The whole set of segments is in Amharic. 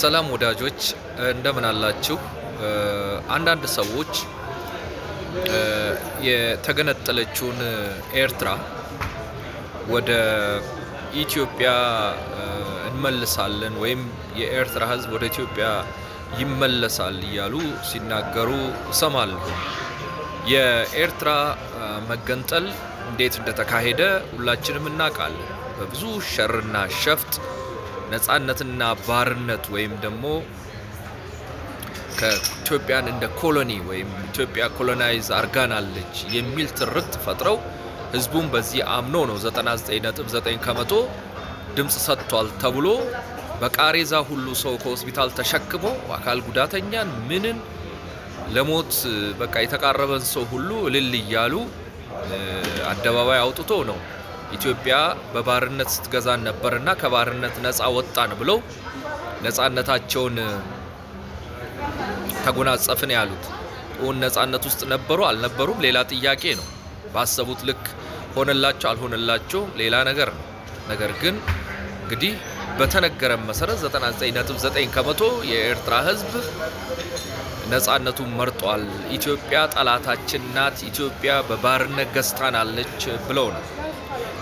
ሰላም ወዳጆች እንደምን አላችሁ? አንዳንድ ሰዎች የተገነጠለችውን ኤርትራ ወደ ኢትዮጵያ እንመልሳለን ወይም የኤርትራ ሕዝብ ወደ ኢትዮጵያ ይመለሳል እያሉ ሲናገሩ እሰማለሁ። የኤርትራ መገንጠል እንዴት እንደተካሄደ ሁላችንም እናውቃለን። በብዙ ሸርና ሸፍጥ ነጻነትና ባርነት ወይም ደግሞ ከኢትዮጵያን እንደ ኮሎኒ ወይም ኢትዮጵያ ኮሎናይዝ አርጋናለች የሚል ትርክት ፈጥረው ህዝቡን በዚህ አምኖ ነው 99.9 ከመቶ ድምፅ ሰጥቷል ተብሎ በቃሬዛ ሁሉ ሰው ከሆስፒታል ተሸክሞ አካል ጉዳተኛን ምንን ለሞት በቃ የተቃረበን ሰው ሁሉ እልል እያሉ አደባባይ አውጥቶ ነው ኢትዮጵያ በባርነት ስትገዛን ነበርና ከባርነት ነፃ ወጣን ብለው ነፃነታቸውን ተጎናጸፍን ያሉት እውን ነፃነት ውስጥ ነበሩ አልነበሩም ሌላ ጥያቄ ነው። ባሰቡት ልክ ሆነላቸው አልሆነላቸው ሌላ ነገር ነው። ነገር ግን እንግዲህ በተነገረም መሰረት 99.9 ከመቶ የኤርትራ ህዝብ። ነጻነቱ መርጧል። ኢትዮጵያ ጠላታችን ናት፣ ኢትዮጵያ በባርነት ገዝታናለች ብለው ነው።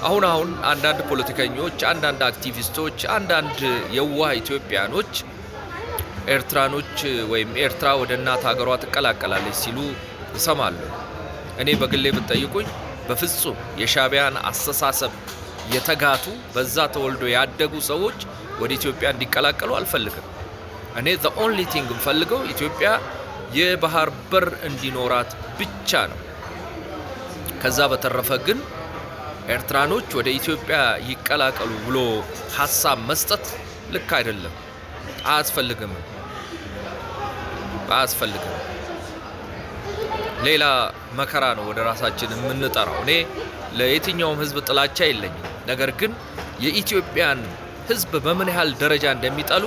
አሁን አሁን አንዳንድ ፖለቲከኞች፣ አንዳንድ አክቲቪስቶች፣ አንዳንድ የዋህ ኢትዮጵያኖች ኤርትራኖች ወይም ኤርትራ ወደ እናት ሀገሯ ትቀላቀላለች ሲሉ ይሰማሉ። እኔ በግሌ ብትጠይቁኝ በፍጹም የሻቢያን አስተሳሰብ የተጋቱ በዛ ተወልዶ ያደጉ ሰዎች ወደ ኢትዮጵያ እንዲቀላቀሉ አልፈልግም። እኔ ዘ ኦንሊ ቲንግ የምፈልገው ኢትዮጵያ የባህር በር እንዲኖራት ብቻ ነው። ከዛ በተረፈ ግን ኤርትራኖች ወደ ኢትዮጵያ ይቀላቀሉ ብሎ ሀሳብ መስጠት ልክ አይደለም፣ አያስፈልግም አያስፈልግም። ሌላ መከራ ነው ወደ ራሳችን የምንጠራው። እኔ ለየትኛውም ህዝብ ጥላቻ የለኝም። ነገር ግን የኢትዮጵያን ህዝብ በምን ያህል ደረጃ እንደሚጠሉ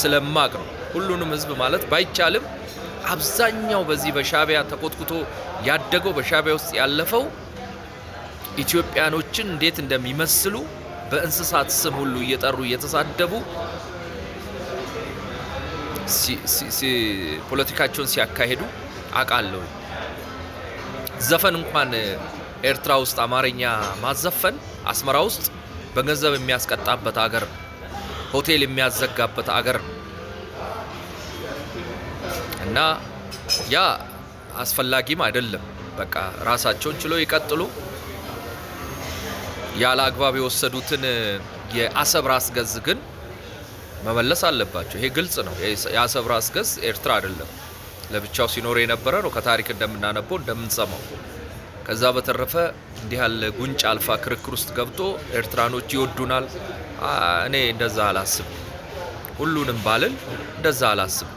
ስለማቅ ነው። ሁሉንም ህዝብ ማለት ባይቻልም አብዛኛው በዚህ በሻቢያ ተኮትኩቶ ያደገው በሻቢያ ውስጥ ያለፈው ኢትዮጵያኖችን እንዴት እንደሚመስሉ በእንስሳት ስም ሁሉ እየጠሩ እየተሳደቡ ፖለቲካቸውን ሲያካሄዱ አውቃለሁ። ዘፈን እንኳን ኤርትራ ውስጥ አማርኛ ማዘፈን አስመራ ውስጥ በገንዘብ የሚያስቀጣበት አገር፣ ሆቴል የሚያዘጋበት አገር እና ያ አስፈላጊም አይደለም። በቃ ራሳቸውን ችሎ ይቀጥሉ። ያለ አግባብ የወሰዱትን የአሰብ ራስ ገዝ ግን መመለስ አለባቸው። ይሄ ግልጽ ነው። የአሰብ ራስ ገዝ ኤርትራ አይደለም፣ ለብቻው ሲኖር የነበረ ነው። ከታሪክ እንደምናነበው እንደምንሰማው። ከዛ በተረፈ እንዲህ ያለ ጉንጭ አልፋ ክርክር ውስጥ ገብቶ ኤርትራኖች ይወዱናል፣ እኔ እንደዛ አላስብ፣ ሁሉንም ባልን እንደዛ አላስብ።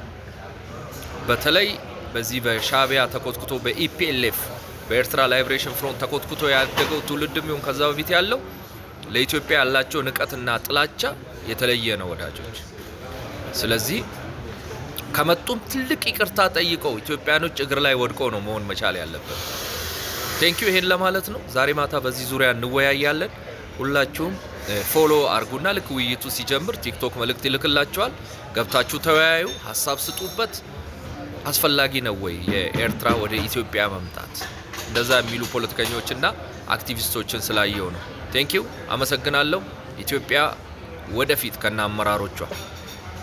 በተለይ በዚህ በሻቢያ ተኮትኩቶ በኢፒኤልኤፍ በኤርትራ ላይብሬሽን ፍሮንት ተኮትኩቶ ያደገው ትውልድ ሚሆን ከዛ በፊት ያለው ለኢትዮጵያ ያላቸው ንቀትና ጥላቻ የተለየ ነው ወዳጆች። ስለዚህ ከመጡም ትልቅ ይቅርታ ጠይቀው ኢትዮጵያኖች እግር ላይ ወድቀው ነው መሆን መቻል ያለበት። ቴንኪዩ ይሄን ለማለት ነው። ዛሬ ማታ በዚህ ዙሪያ እንወያያለን። ሁላችሁም ፎሎ አርጉና ልክ ውይይቱ ሲጀምር ቲክቶክ መልእክት ይልክላችኋል። ገብታችሁ ተወያዩ፣ ሀሳብ ስጡበት። አስፈላጊ ነው ወይ የኤርትራ ወደ ኢትዮጵያ መምጣት? እንደዛ የሚሉ ፖለቲከኞችና አክቲቪስቶችን ስላየው ነው። ቴንኪው፣ አመሰግናለሁ። ኢትዮጵያ ወደፊት ከነ አመራሮቿ